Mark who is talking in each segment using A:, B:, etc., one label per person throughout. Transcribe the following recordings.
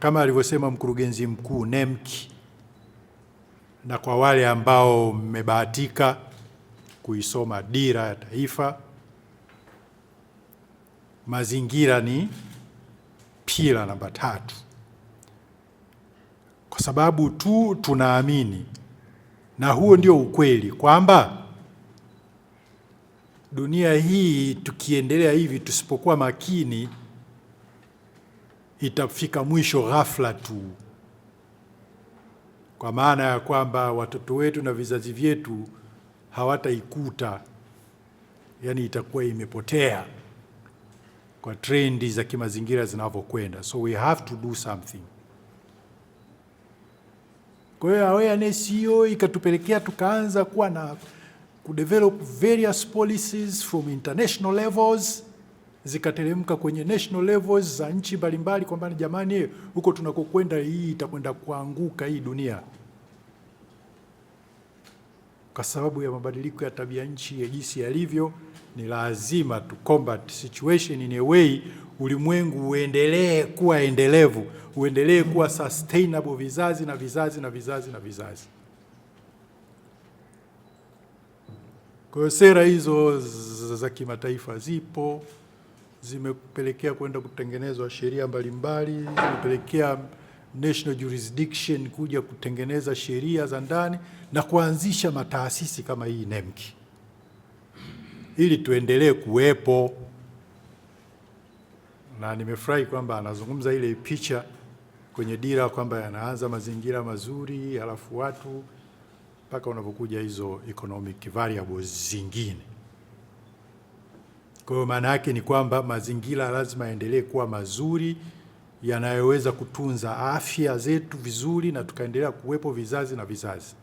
A: kama alivyosema mkurugenzi mkuu NEMC, na kwa wale ambao mmebahatika kuisoma dira ya taifa, mazingira ni pila namba tatu, kwa sababu tu tunaamini na huo ndio ukweli kwamba dunia hii tukiendelea hivi, tusipokuwa makini itafika mwisho ghafla tu, kwa maana ya kwamba watoto wetu na vizazi vyetu hawataikuta, yani itakuwa imepotea kwa trendi za kimazingira zinavyokwenda, so we have to do something. Kwa hiyo awareness hiyo ikatupelekea tukaanza kuwa na kudevelop various policies from international levels zikateremka kwenye national levels za nchi mbalimbali, kwamba jamani, huko tunakokwenda hii itakwenda kuanguka hii dunia kwa sababu ya mabadiliko ya tabia nchi ya jinsi yalivyo. Ni lazima tu combat situation in a way, ulimwengu uendelee kuwa endelevu, uendelee kuwa sustainable, vizazi na vizazi na vizazi na vizazi. Kwa hiyo sera hizo za kimataifa zipo zimepelekea kwenda kutengenezwa sheria mbalimbali, zimepelekea national jurisdiction kuja kutengeneza sheria za ndani na kuanzisha mataasisi kama hii NEMC ili tuendelee kuwepo, na nimefurahi kwamba anazungumza ile picha kwenye dira kwamba yanaanza mazingira mazuri, halafu watu mpaka unapokuja hizo economic variables zingine. Kwa hiyo maana yake ni kwamba mazingira lazima yaendelee kuwa mazuri yanayoweza kutunza afya zetu vizuri na tukaendelea kuwepo vizazi na vizazi.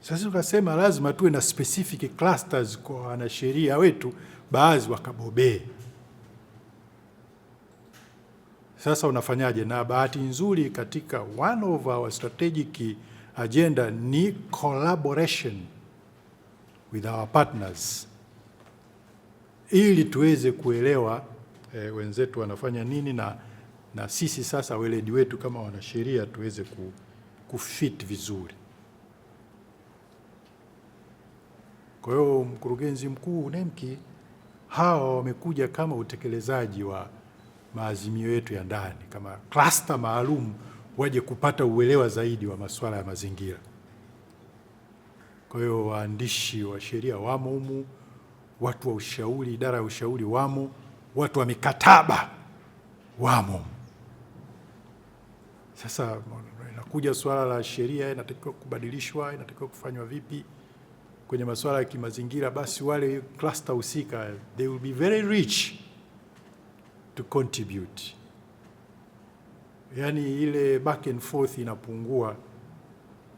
A: Sasa tukasema lazima tuwe na specific clusters kwa wanasheria wetu, baadhi wakabobee. Sasa unafanyaje? Na bahati nzuri katika one of our strategic agenda ni collaboration with our partners ili tuweze kuelewa eh, wenzetu wanafanya nini na, na sisi sasa weledi wetu kama wanasheria tuweze ku, kufit vizuri. Kwa hiyo mkurugenzi mkuu NEMKI, hawa wamekuja kama utekelezaji wa maazimio yetu ya ndani kama klasta maalum, waje kupata uelewa zaidi wa masuala ya mazingira. Kwa hiyo waandishi wa sheria wamo humu, watu wa ushauri, idara ya ushauri wamo, watu wa mikataba wamo. Sasa inakuja suala la sheria inatakiwa kubadilishwa, inatakiwa kufanywa vipi kwenye masuala ya kimazingira, basi wale cluster husika they will be very rich to contribute, yaani ile back and forth inapungua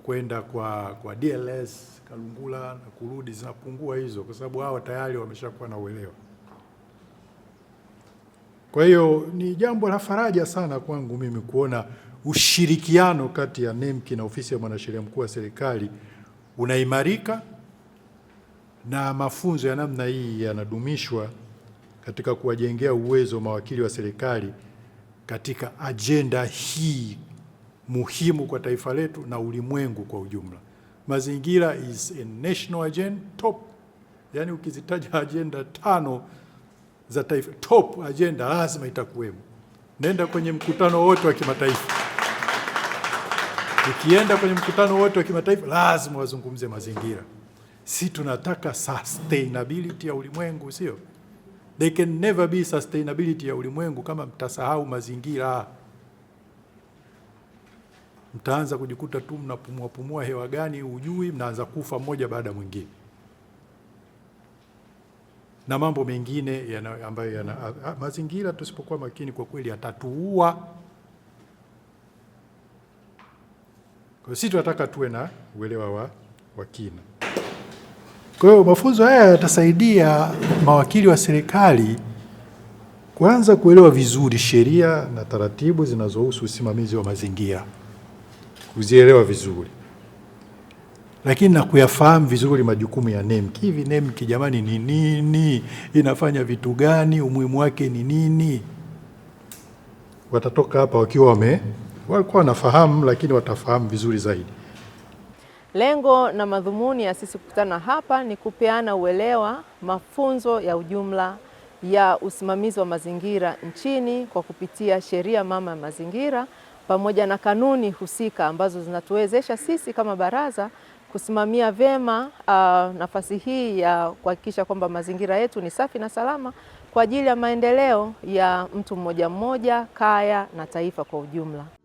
A: kwenda kwa, kwa DLS Kalungula na kurudi zinapungua hizo, kwa sababu hawa tayari wameshakuwa na uelewa. Kwa hiyo ni jambo la faraja sana kwangu mimi kuona ushirikiano kati ya NEMC na ofisi ya mwanasheria mkuu wa serikali unaimarika na mafunzo ya namna hii yanadumishwa katika kuwajengea uwezo mawakili wa serikali katika ajenda hii muhimu kwa taifa letu na ulimwengu kwa ujumla. Mazingira is a national agenda top, yani ukizitaja ajenda tano za taifa top agenda lazima itakuwemo. Nenda kwenye mkutano wote wa kimataifa, ukienda kwenye mkutano wote wa kimataifa lazima wazungumze mazingira. Si tunataka sustainability ya ulimwengu, sio? They can never be sustainability ya ulimwengu kama mtasahau mazingira mtaanza kujikuta tu mnapumua pumua hewa gani ujui, mnaanza kufa mmoja baada mwingine, na mambo mengine yana, ambayo yana, mazingira tusipokuwa makini kwa kweli atatuua. Kwa sisi tunataka tuwe na uelewa wa, wa kina. Kwa hiyo mafunzo haya yatasaidia mawakili wa serikali kuanza kuelewa vizuri sheria na taratibu zinazohusu usimamizi wa mazingira kuzielewa vizuri, lakini na kuyafahamu vizuri majukumu ya NEMC. Hivi NEMC jamani ni nini? Inafanya vitu gani? Umuhimu wake ni nini? Watatoka hapa wakiwa wame walikuwa wanafahamu, lakini watafahamu vizuri zaidi.
B: Lengo na madhumuni ya sisi kukutana hapa ni kupeana uelewa, mafunzo ya ujumla ya usimamizi wa mazingira nchini kwa kupitia sheria mama ya mazingira pamoja na kanuni husika ambazo zinatuwezesha sisi kama baraza kusimamia vyema uh, ah, nafasi hii ya kuhakikisha kwamba mazingira yetu ni safi na salama kwa ajili ya maendeleo ya mtu mmoja mmoja, kaya na taifa kwa ujumla.